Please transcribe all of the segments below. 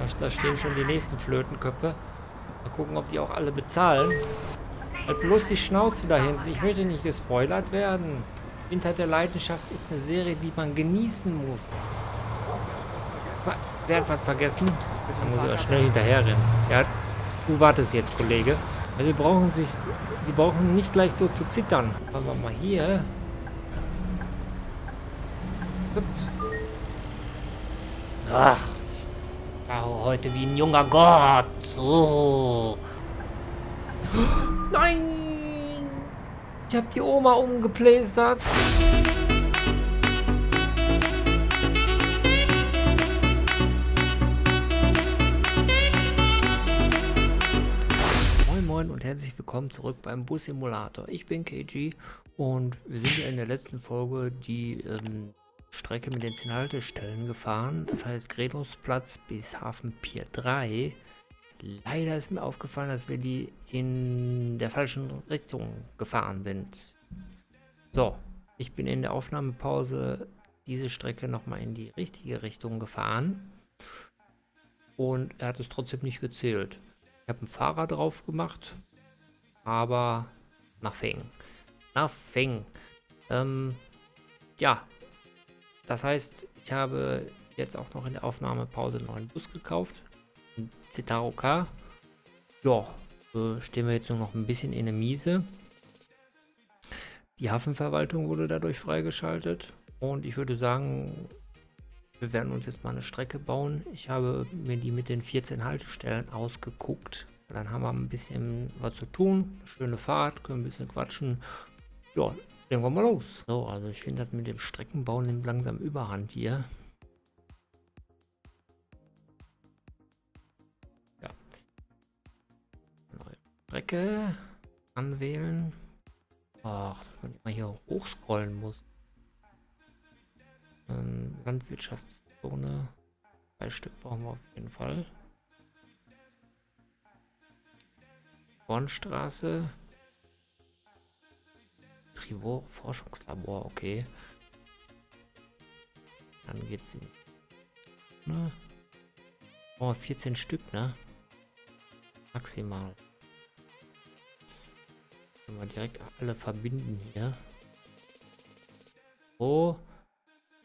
Also da stehen schon die nächsten Flötenköpfe. Mal gucken, ob die auch alle bezahlen. Halt bloß die Schnauze da hinten. Ich möchte nicht gespoilert werden. Winter der Leidenschaft ist eine Serie, die man genießen muss. Ver Wer hat was vergessen? Da muss er schnell hinterher rennen. Ja, du wartest jetzt, Kollege. Weil also wir brauchen sich... Sie brauchen nicht gleich so zu zittern. Machen wir mal hier. Ach, Oh, heute wie ein junger Gott. Oh. Nein! Ich hab die Oma umgeplästert. Moin Moin und herzlich willkommen zurück beim Bus Simulator. Ich bin KG und wir sind ja in der letzten Folge die ähm, Strecke mit den 10 Haltestellen gefahren. Das heißt Gretosplatz bis Hafen Pier 3. Leider ist mir aufgefallen, dass wir die in der falschen Richtung gefahren sind. So, ich bin in der Aufnahmepause diese Strecke nochmal in die richtige Richtung gefahren. Und er hat es trotzdem nicht gezählt. Ich habe einen Fahrer drauf gemacht, aber nothing. Nothing. Ähm, ja, das heißt, ich habe jetzt auch noch in der Aufnahmepause noch einen Bus gekauft. Ein Citaro K. Ja, so stehen wir jetzt nur noch ein bisschen in der Miese. Die Hafenverwaltung wurde dadurch freigeschaltet. Und ich würde sagen, wir werden uns jetzt mal eine Strecke bauen. Ich habe mir die mit den 14 Haltestellen ausgeguckt. Dann haben wir ein bisschen was zu tun. schöne Fahrt, können ein bisschen quatschen. Ja, Legen wir mal los. So, also ich finde das mit dem Streckenbau nimmt langsam Überhand hier. Ja. Neue Strecke anwählen. Ach, dass man immer hier hochscrollen muss. Ähm, Landwirtschaftszone. Zwei Stück brauchen wir auf jeden Fall. Bornstraße. Privor Forschungslabor, okay. Dann geht's ihm. Ne? Oh, 14 Stück, ne? Maximal. Können wir direkt alle verbinden hier. Oh.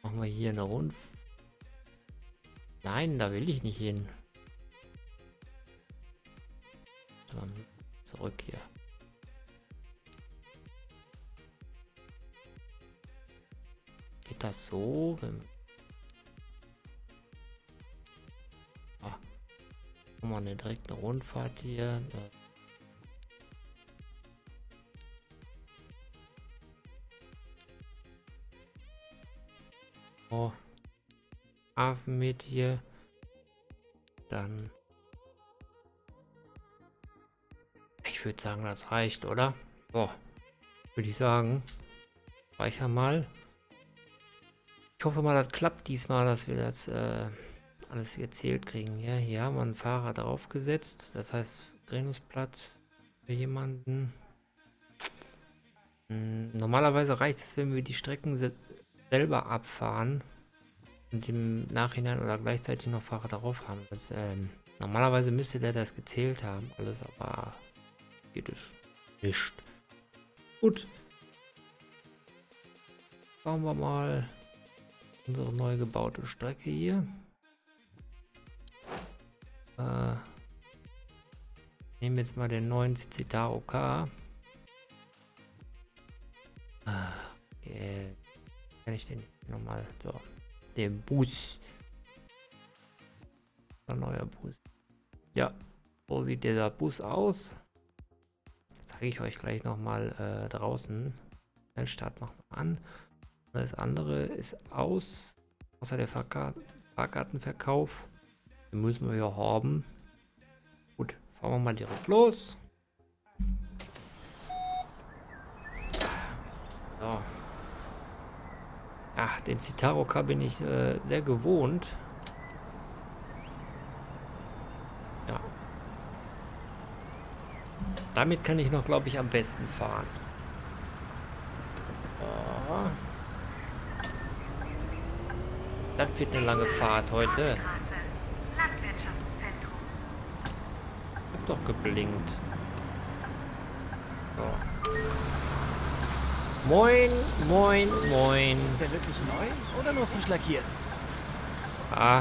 Machen wir hier eine Rundf. Nein, da will ich nicht hin. zurück hier. das so. Ah. Guck mal, eine direkte Rundfahrt hier. Ne. Oh. Hafen mit hier. Dann. Ich würde sagen, das reicht, oder? So. Würde ich sagen. Speicher mal. Ich hoffe mal, das klappt diesmal, dass wir das äh, alles erzählt kriegen. Ja, hier haben wir einen Fahrer draufgesetzt. Das heißt, Grenusplatz für jemanden. Hm, normalerweise reicht es, wenn wir die Strecken se selber abfahren und im Nachhinein oder gleichzeitig noch Fahrer darauf haben. Das, ähm, normalerweise müsste der das gezählt haben, alles aber geht es nicht. Gut. Schauen wir mal unsere neu gebaute Strecke hier. Äh, nehmen jetzt mal den neuen Citaro K. Ah, okay. Kann ich den nochmal? So. Den Bus. Ein neuer Bus. Ja. wo sieht dieser Bus aus. Das zeige ich euch gleich nochmal äh, draußen. Den Start machen wir an. Alles andere ist aus, außer der Fahrgart Fahrgartenverkauf. Den müssen wir ja haben. Gut, fahren wir mal direkt los. So. Ach, den Citaroka bin ich äh, sehr gewohnt. Ja. Damit kann ich noch, glaube ich, am besten fahren. Das wird eine lange Fahrt heute. Hab doch geblinkt. So. Moin, moin, moin. Ist der wirklich neu oder nur frisch lackiert? Ah.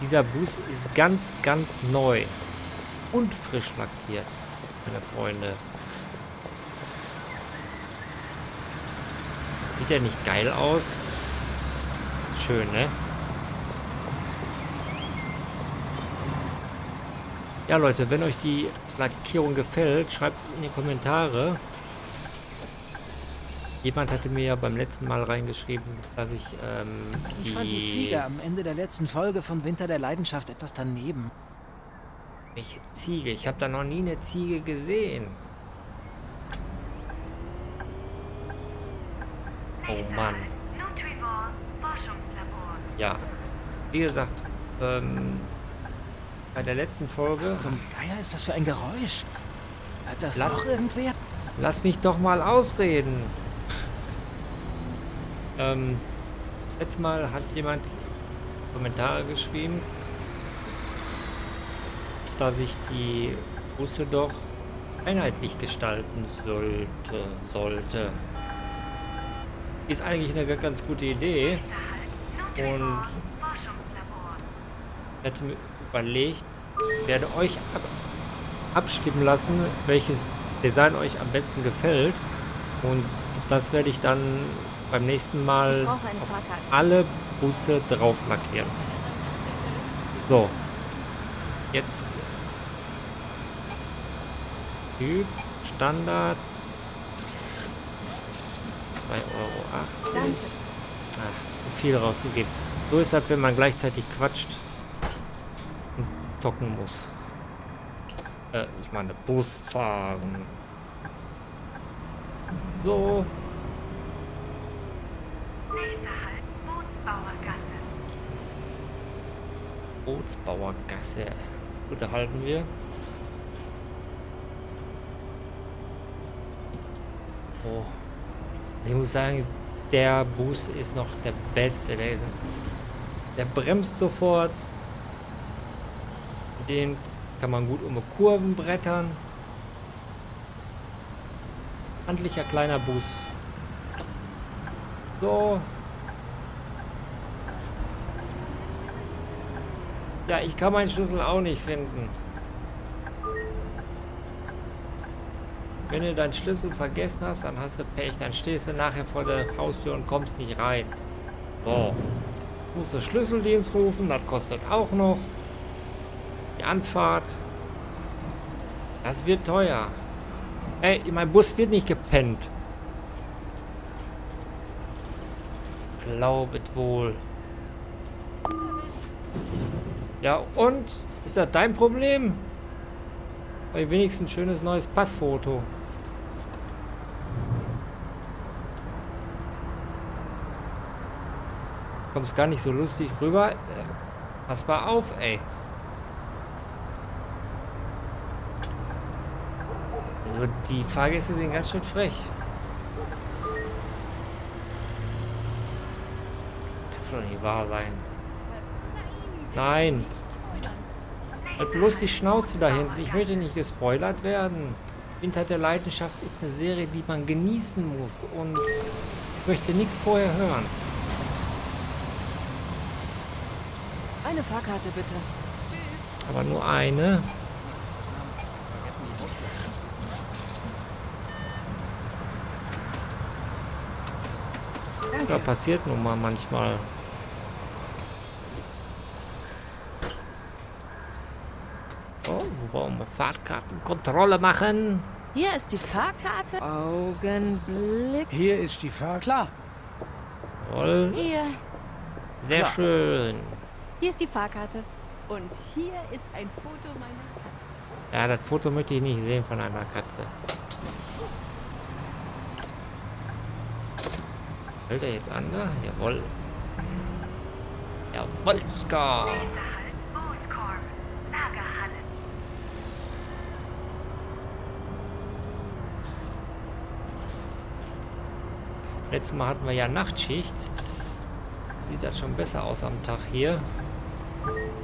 Dieser Bus ist ganz, ganz neu. Und frisch lackiert, meine Freunde. Sieht er nicht geil aus? schön, ne? Ja, Leute, wenn euch die Lackierung gefällt, schreibt es in die Kommentare. Jemand hatte mir ja beim letzten Mal reingeschrieben, dass ich ähm, die... Ich fand die Ziege am Ende der letzten Folge von Winter der Leidenschaft etwas daneben. Welche Ziege? Ich habe da noch nie eine Ziege gesehen. Oh Mann ja, wie gesagt, ähm, bei der letzten Folge. Was zum Geier ist das für ein Geräusch? Hat das lass, noch irgendwer? Lass mich doch mal ausreden. Ähm, letztes Mal hat jemand Kommentare geschrieben, dass ich die Busse doch einheitlich gestalten sollte. sollte. Ist eigentlich eine ganz gute Idee und hätte mir überlegt, werde euch ab abstimmen lassen, welches Design euch am besten gefällt und das werde ich dann beim nächsten Mal auf alle Busse drauf lackieren. So, jetzt Typ, Standard 2,80 Euro. Danke. Ah zu viel rausgegeben. So ist das, halt, wenn man gleichzeitig quatscht und zocken muss. Äh, ich meine, Bus fahren. So. Bootsbauergasse. Bootsbauergasse. Gut, da wir. Oh. Ich muss sagen, der Boost ist noch der beste. Der, der bremst sofort. Den kann man gut um Kurven brettern. Handlicher kleiner Boost. So. Ja, ich kann meinen Schlüssel auch nicht finden. Wenn du deinen Schlüssel vergessen hast, dann hast du Pech. Dann stehst du nachher vor der Haustür und kommst nicht rein. So. Musst du Schlüsseldienst rufen, das kostet auch noch. Die Anfahrt. Das wird teuer. Ey, mein Bus wird nicht gepennt. Glaubet wohl. Ja, und? Ist das dein Problem? Vielleicht wenigstens ein schönes neues Passfoto. Kommst gar nicht so lustig rüber. Äh, pass mal auf, ey. Also die Fahrgäste sind ganz schön frech. Das Darf doch nicht wahr sein. Nein. Halt bloß die Schnauze da hinten. Ich möchte nicht gespoilert werden. Winter der Leidenschaft ist eine Serie, die man genießen muss und ich möchte nichts vorher hören. Eine Fahrkarte bitte. Aber nur eine. Da passiert nun mal manchmal. wollen wir Fahrkartenkontrolle machen. Hier ist die Fahrkarte. Augenblick. Hier ist die Fahrkarte. Klar. Jawohl. Hier. Sehr Klar. schön. Hier ist die Fahrkarte. Und hier ist ein Foto meiner Katze. Ja, das Foto möchte ich nicht sehen von einer Katze. Hält er jetzt an, ne? Jawohl. Jawohl, Ska. Letztes Mal hatten wir ja Nachtschicht. Sieht das schon besser aus am Tag hier.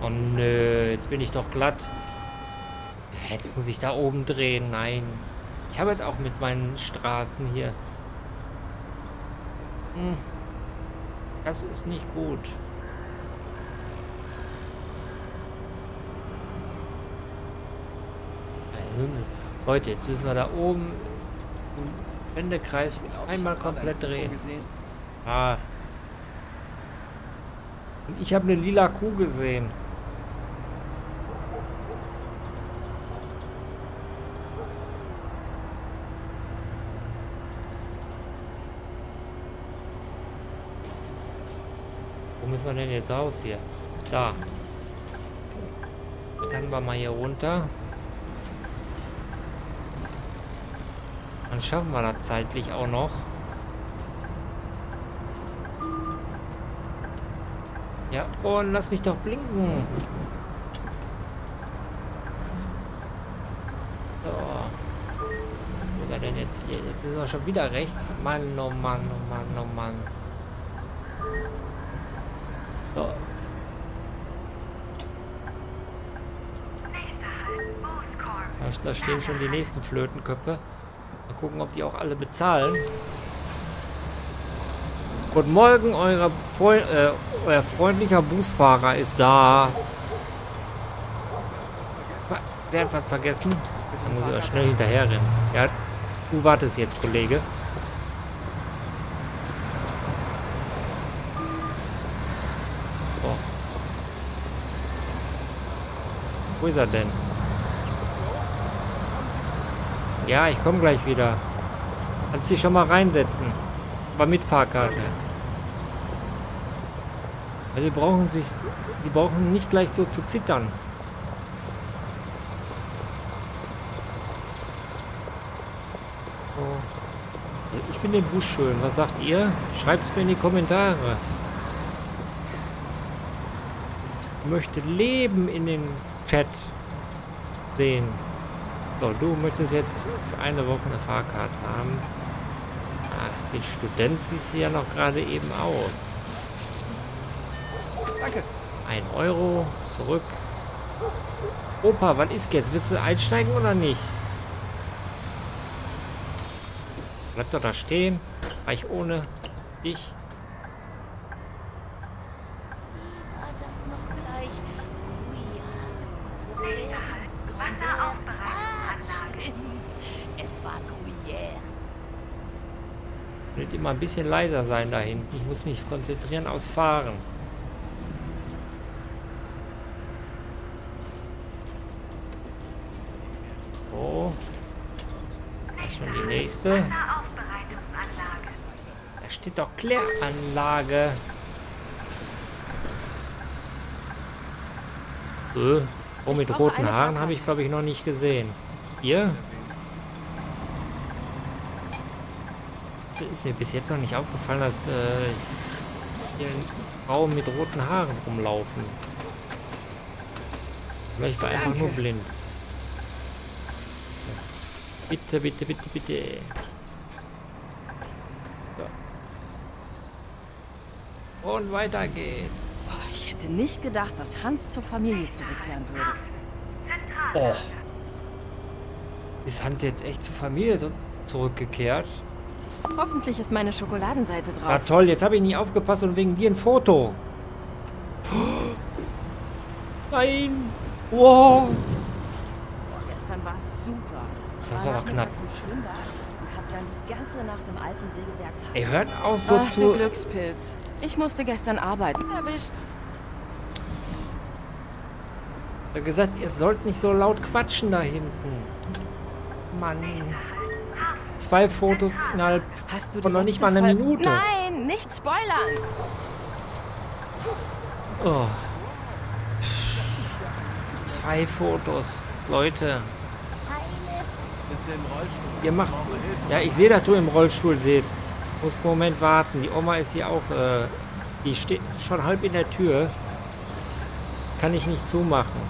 Oh nö, jetzt bin ich doch glatt. Jetzt muss ich da oben drehen, nein. Ich habe jetzt auch mit meinen Straßen hier. Hm, das ist nicht gut. Äh, Leute, jetzt müssen wir da oben Wendekreis einmal komplett drehen. Ah. Und ich habe eine lila Kuh gesehen. Wo müssen wir denn jetzt raus hier? Da. Dann war mal hier runter. Dann schaffen wir das zeitlich auch noch. Ja, und lass mich doch blinken. So. Wo ist er denn jetzt hier? Jetzt müssen wir schon wieder rechts. Mann, oh Mann, oh Mann, oh Mann. So. Halt, da stehen schon die nächsten Flötenköpfe gucken, ob die auch alle bezahlen. Guten Morgen, euer, Freu äh, euer freundlicher Busfahrer ist da. Ver Wer hat was vergessen? Dann muss ich auch schnell hinterherrennen. Ja, du wartest jetzt, Kollege. Wo ist er denn? Ja, ich komme gleich wieder. Kannst dich schon mal reinsetzen. Aber mit Fahrkarte. Also die brauchen sich, die brauchen nicht gleich so zu zittern. Ich finde den Bus schön. Was sagt ihr? Schreibt es mir in die Kommentare. Ich möchte Leben in den Chat sehen. So, du möchtest jetzt für eine Woche eine Fahrkarte haben. Wie ah, mit Student siehst du ja noch gerade eben aus. Danke. Ein Euro zurück. Opa, wann ist jetzt? Willst du einsteigen oder nicht? Bleib doch da stehen. Reich ohne dich. Könnt ihr ein bisschen leiser sein da hinten? Ich muss mich konzentrieren aufs Fahren. Oh. Das ist schon die nächste. Da steht doch Kläranlage. Äh, oh, mit roten Haaren habe ich, glaube ich, noch nicht gesehen. Ihr? ist mir bis jetzt noch nicht aufgefallen, dass äh, hier Frauen mit roten Haaren rumlaufen. Oder ich war Danke. einfach nur blind. Bitte, bitte, bitte, bitte. So. Und weiter geht's. Oh, ich hätte nicht gedacht, dass Hans zur Familie zurückkehren würde. Oh. Ist Hans jetzt echt zur Familie zurückgekehrt? Hoffentlich ist meine Schokoladenseite drauf. Ah toll, jetzt habe ich nicht aufgepasst und wegen dir ein Foto. Nein! Wow! Gestern war es super. Ich das war aber knapp. Zum Schwimmbad und hab dann die ganze Nacht im alten Sägewerk. Ey, hört auch so Ach, zu... du Glückspilz. Ich musste gestern arbeiten. Erwischt. Ich gesagt, ihr sollt nicht so laut quatschen da hinten. Mann zwei Fotos innerhalb Hast du von noch nicht mal einer Minute. Nein, nicht spoilern. Oh. Zwei Fotos. Leute. Ihr macht. Ja, ich sehe, dass du im Rollstuhl sitzt. Muss einen Moment warten. Die Oma ist hier auch. Äh, die steht schon halb in der Tür. Kann ich nicht zumachen.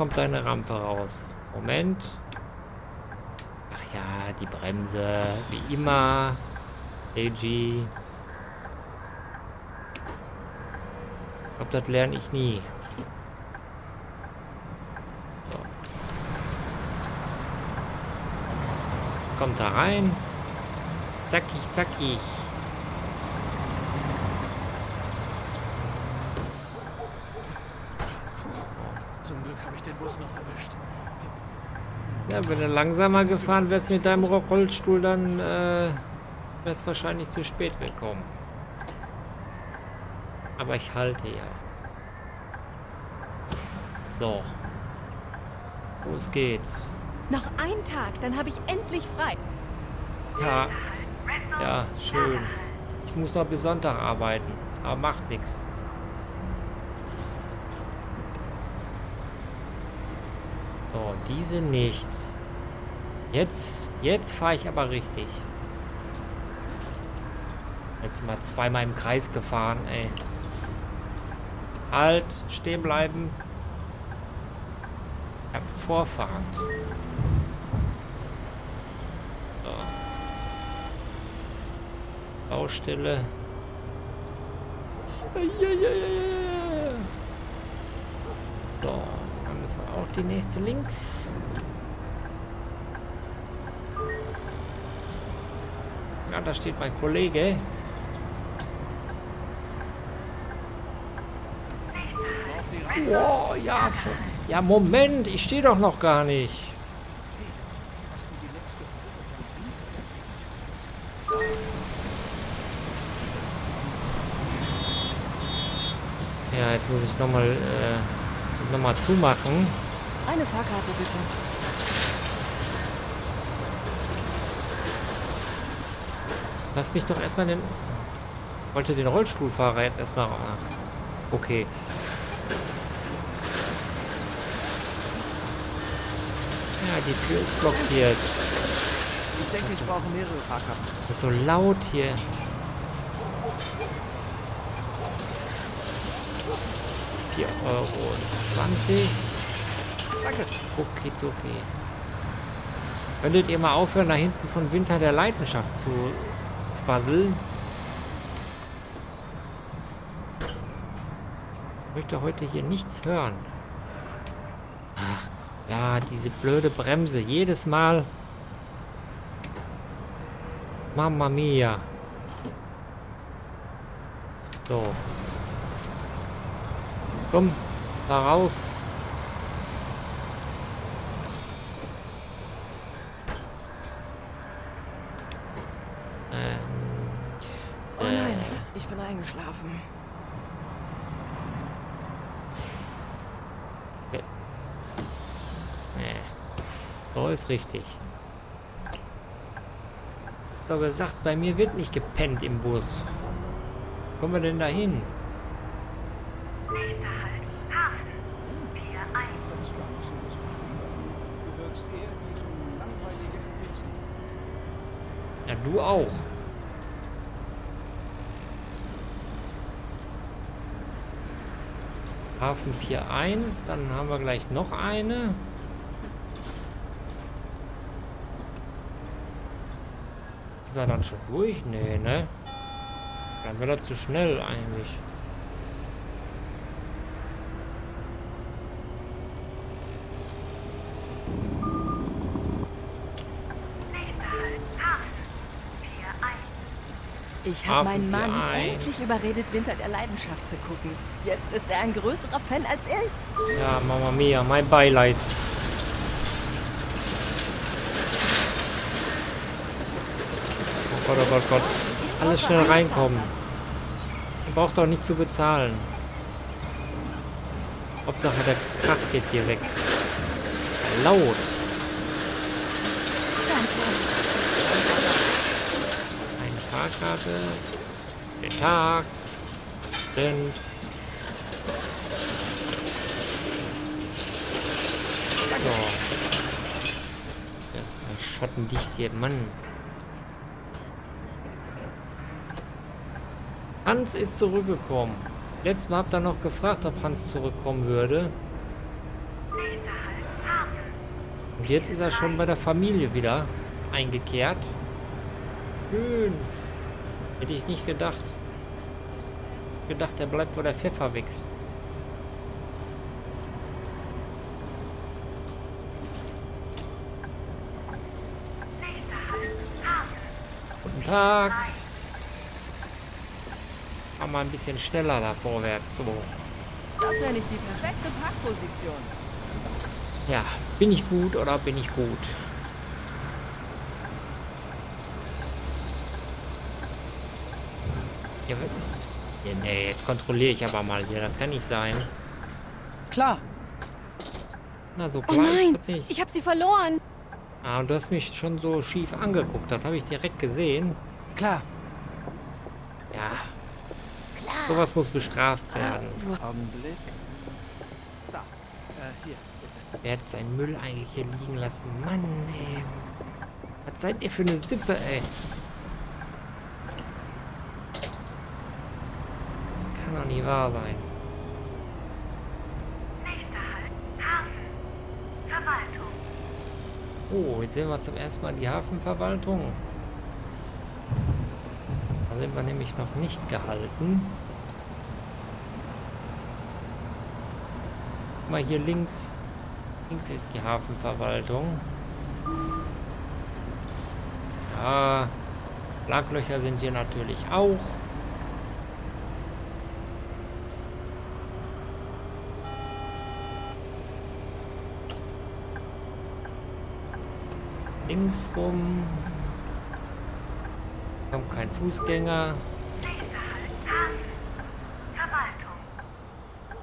kommt deine Rampe raus. Moment. Ach ja, die Bremse. Wie immer. AG. Ich glaube, das lerne ich nie. So. Kommt da rein. Zackig, zackig. wenn du langsamer gefahren wärst mit deinem Rollstuhl, dann äh, wärst wahrscheinlich zu spät gekommen. Aber ich halte ja. So. Los geht's. Noch ein Tag, dann habe ich endlich frei. Ja. Ja, schön. Ich muss noch bis Sonntag arbeiten. Aber macht nichts. So, diese nicht. Jetzt, jetzt fahre ich aber richtig. Jetzt mal zweimal im Kreis gefahren, ey. Halt, stehen bleiben. Ich hab Vorfahrt. So. Baustelle. So auch die nächste links. Ja, da steht mein Kollege. Oh, ja, ja, Moment, ich stehe doch noch gar nicht. Ja, jetzt muss ich nochmal... Äh nochmal zumachen. Eine Fahrkarte bitte. Lass mich doch erstmal den... Wollte den Rollstuhlfahrer jetzt erstmal... Ach, okay. Ja, die Tür ist blockiert. Ich denke, ich brauche mehrere Fahrkarten. Das ist so laut hier. Euro 20. Danke. Okizuki. Okay, okay. Könntet ihr mal aufhören, da hinten von Winter der Leidenschaft zu quasseln? Ich möchte heute hier nichts hören. Ach, ja, diese blöde Bremse. Jedes Mal. Mamma mia. So, Komm, da raus. Ähm, oh nein, äh. ich bin eingeschlafen. Äh. So ist richtig. Ich habe gesagt, bei mir wird nicht gepennt im Bus. Kommen wir denn da hin? Halt. Du Ja, du auch. Hafen Pier 1, dann haben wir gleich noch eine. Die war dann schon ruhig? Nee, ne? Dann wird er zu schnell eigentlich. Ich habe meinen Mann endlich überredet, Winter der Leidenschaft zu gucken. Jetzt ist er ein größerer Fan als ich. Ja, Mama Mia, mein Beileid. Oh Gott, oh Gott, oh Gott. Alles schnell reinkommen. Man braucht doch nicht zu bezahlen. Hauptsache der Krach geht hier weg. Laut. gesagt Den Tag. Sind. So. Ja, schattendicht hier, Mann. Hans ist zurückgekommen. Letztes Mal habt ihr noch gefragt, ob Hans zurückkommen würde. Und jetzt ist er schon bei der Familie wieder eingekehrt. Schön. Hätte ich nicht gedacht. Gedacht, der bleibt, wo der Pfeffer wächst. Guten Tag. Mach mal ein bisschen schneller da vorwärts. So. Das nenne ich die perfekte Parkposition. Ja, bin ich gut oder bin ich gut? kontrolliere ich aber mal hier. Das kann nicht sein. Klar. Na, so klar oh nein, nicht. ich habe sie verloren. Ah, du hast mich schon so schief angeguckt. Das habe ich direkt gesehen. Klar. Ja. Klar. Sowas muss bestraft ah, werden. Augenblick. Da. Äh, hier, bitte. Wer hat seinen Müll eigentlich hier liegen lassen? Mann, ey. Was seid ihr für eine Sippe, ey? kann doch nie wahr sein. Halt. Oh, jetzt sehen wir zum ersten Mal die Hafenverwaltung. Da sind wir nämlich noch nicht gehalten. Guck mal, hier links. Links ist die Hafenverwaltung. Ja, Laglöcher sind hier natürlich auch. links rum. Kommt kein Fußgänger.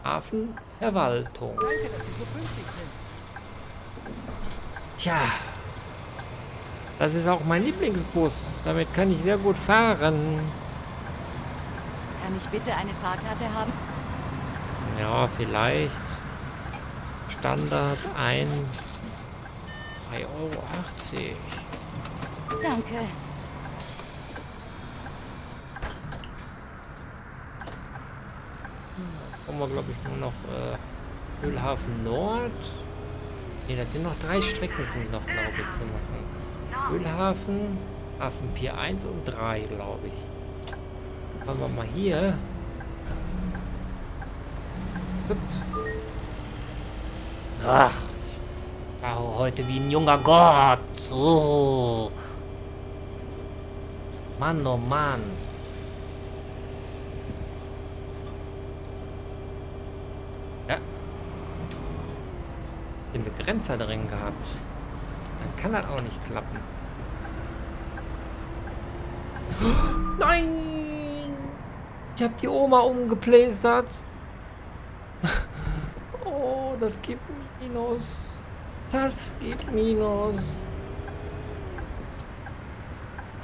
Hafen, Verwaltung. Danke, dass Sie so pünktlich sind. Tja. Das ist auch mein Lieblingsbus. Damit kann ich sehr gut fahren. Kann ich bitte eine Fahrkarte haben? Ja, vielleicht. Standard ein. 3,80 Euro. Danke. Hm, kommen wir, glaube ich, nur noch äh, Ölhafen Nord. Ne, da sind noch drei Strecken, sind noch, glaube ich, zu machen. Ölhafen, Hafen Hafenpier 1 und 3, glaube ich. Machen wir mal hier. Zip. Ach. Oh, heute wie ein junger Gott. Oh. Mann, oh Mann. Ja. Den Begrenzer drin gehabt. Dann kann das auch nicht klappen. Nein! Ich hab die Oma umgeplästert. oh, das gibt Minus. Das geht minus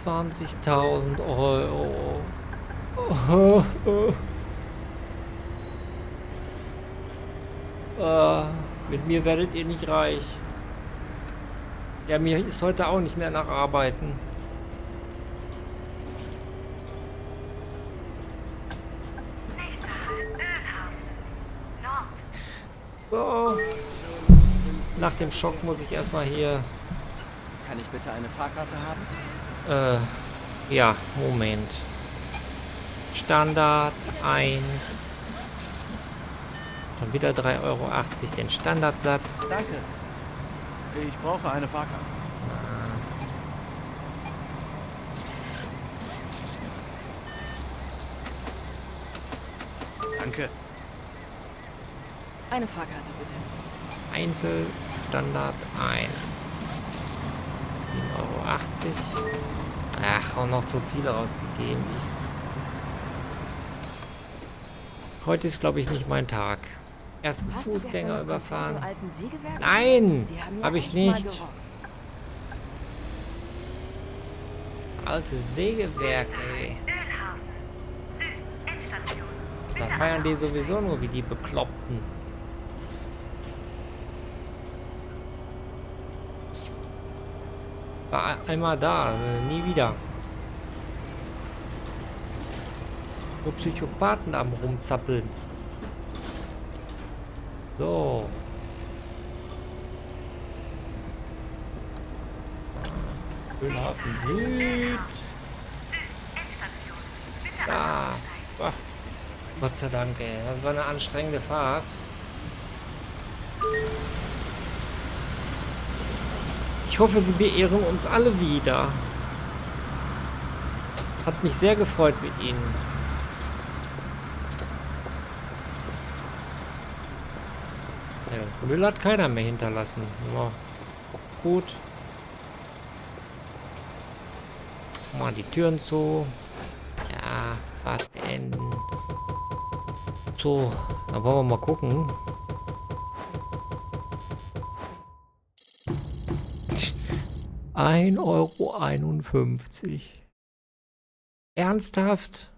20.000 Euro. Oh, mit mir werdet ihr nicht reich. Ja, mir ist heute auch nicht mehr nach Arbeiten. nach dem Schock muss ich erstmal hier... Kann ich bitte eine Fahrkarte haben? Äh, ja, Moment. Standard 1. Dann wieder 3,80 Euro den Standardsatz. Danke. Ich brauche eine Fahrkarte. Danke. Eine Fahrkarte bitte. Einzel Standard 1. 7,80 Euro. Ach, auch noch zu viel rausgegeben. Ich Heute ist, glaube ich, nicht mein Tag. Erst einen Fußgänger überfahren. Nein, habe ich nicht. Alte Sägewerke, ey. Da feiern die sowieso nur wie die Bekloppten. War einmal da, äh, nie wieder. Nur Psychopathen am rumzappeln. So. Ölhafen Süd. Da. Ah. Gott sei Dank, ey. Das war eine anstrengende Fahrt. Ich hoffe, sie beehren uns alle wieder. Hat mich sehr gefreut mit Ihnen. Ja, Müll hat keiner mehr hinterlassen. Ja, gut. Mal die Türen zu. Ja, Fahrt beenden. So, dann wollen wir mal gucken. 1,51 Euro. Ernsthaft?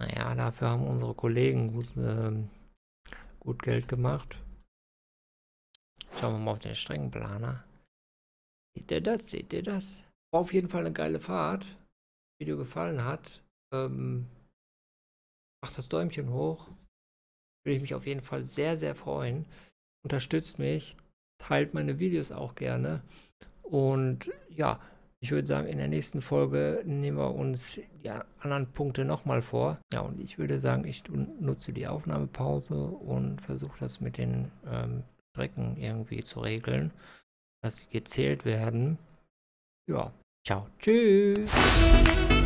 Naja, dafür haben unsere Kollegen gut, ähm, gut Geld gemacht. Schauen wir mal auf den strengen Planer. Seht ihr das? Seht ihr das? War auf jeden Fall eine geile Fahrt. Wenn Video gefallen hat, ähm, macht das Däumchen hoch. Würde ich mich auf jeden Fall sehr, sehr freuen. Unterstützt mich teilt meine Videos auch gerne. Und ja, ich würde sagen, in der nächsten Folge nehmen wir uns die anderen Punkte nochmal vor. Ja, und ich würde sagen, ich nutze die Aufnahmepause und versuche das mit den ähm, Strecken irgendwie zu regeln, dass sie gezählt werden. Ja, ciao, tschüss.